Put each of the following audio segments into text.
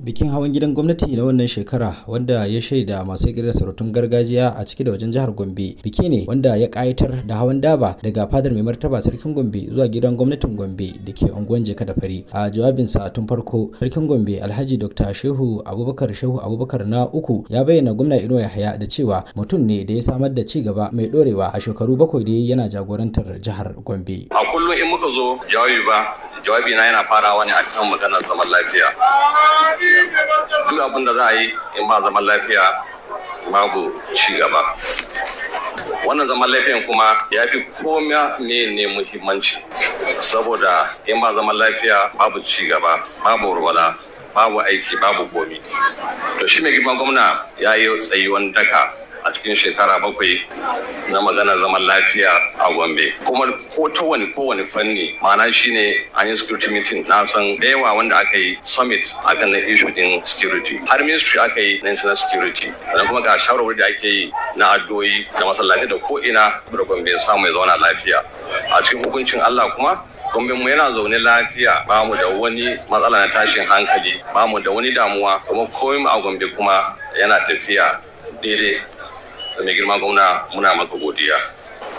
bikin hawan gidan gwamnati na wannan shekara wanda ya shaida masu gidan sarautun gargajiya a ciki da wajen jihar gombe biki ne wanda ya kayatar da hawan daba daga fadar mai martaba sarkin gombe zuwa gidan gwamnatin gombe da ke unguwan jeka da fari a jawabinsa tun farko sarkin gombe alhaji dr shehu abubakar shehu abubakar na uku ya bayyana gwamna ino yahaya da cewa mutum ne da ya samar da ci gaba mai dorewa a shekaru bakwai da yana jagorantar jihar gombe a kullum in muka zo jawabi ba jawabi na yana farawa ne kan maganar zaman lafiya duk abin da za a yi in ba zaman lafiya babu ci gaba wannan zaman lafiyan kuma ya fi koma ne muhimmanci saboda in ba zaman lafiya babu ci gaba babu walwala babu aiki babu komi to shi mai gidan gwamna ya yi tsayuwan daka a cikin shekara bakwai na maganar zaman lafiya a Gombe. Kuma ko ta wani kowane fanni ma'ana shine an yi security meeting na san yawa wanda aka yi summit akan na issue din security. Har ministry aka yi na security. Sannan kuma ga shawarwari da ake yi na addu'o'i da masallaci da ko ina da Gombe samu ya zauna lafiya. A cikin hukuncin Allah kuma Gombe mu yana zaune lafiya ba mu da wani matsala na tashin hankali ba mu da wani damuwa kuma komai a gombe kuma yana tafiya daidai da mai girma gwamna muna maka godiya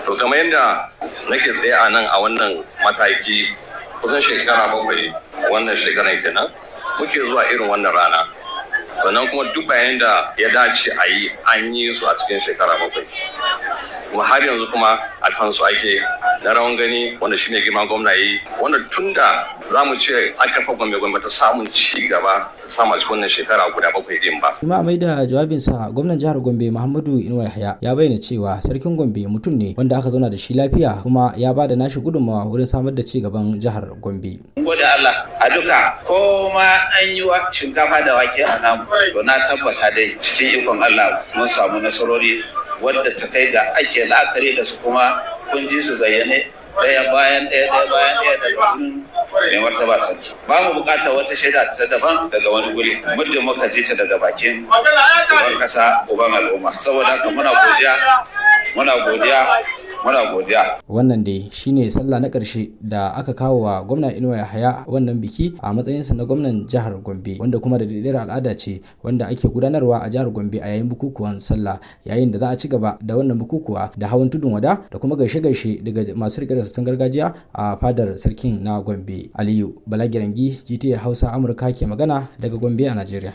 to kamar yadda nake tsaye a nan a wannan mataki kusan shekara bakwai wannan shekaran kenan muke zuwa irin wannan rana sannan kuma duk bayan da ya dace a yi an yi su a cikin shekara bakwai kuma har yanzu kuma alfansu ake na rawan gani wanda shine girman gwamna yi wanda tun da za mu ce an kafa gwamna gwamna ta samun ci gaba sama cikin wannan shekara guda bakwai din ba. kuma a maida jawabinsa gwamnan jihar gombe muhammadu inuwa yahaya ya bayyana cewa sarkin gombe mutum ne wanda aka zauna da shi lafiya kuma ya ba da nashi gudunmawa wurin samar da ci gaban jihar gombe. gode allah a duka ko ma an yi wa shinkafa da wake a nan to na tabbata dai cikin ikon allah mun samu nasarori wadda ta kai ga ake la'akari da su kuma kun ji su zayyane ɗaya bayan ɗaya ɗaya bayan ɗaya da wurin mai martaba sarki ba mu buƙatar wata shaida ta daban daga wani guri muddin muka ji ta daga bakin uban ƙasa uban al'umma saboda haka muna godiya muna godiya muna godiya wannan dai shine sallah na ƙarshe da aka kawo wa gwamna Inuwa Yahaya wannan biki a matsayinsa na gwamnan jihar Gombe wanda kuma da daidaitar al'ada ce wanda ake gudanarwa a jihar Gombe a yayin bukukuwan sallah yayin da za a ci gaba da wannan bukukuwa da hawan tudun wada da kuma gaishe-gaishe daga masu rigar da gargajiya a fadar sarkin na Gombe Aliyu Balagirangi GTA Hausa Amurka ke magana daga Gombe a Najeriya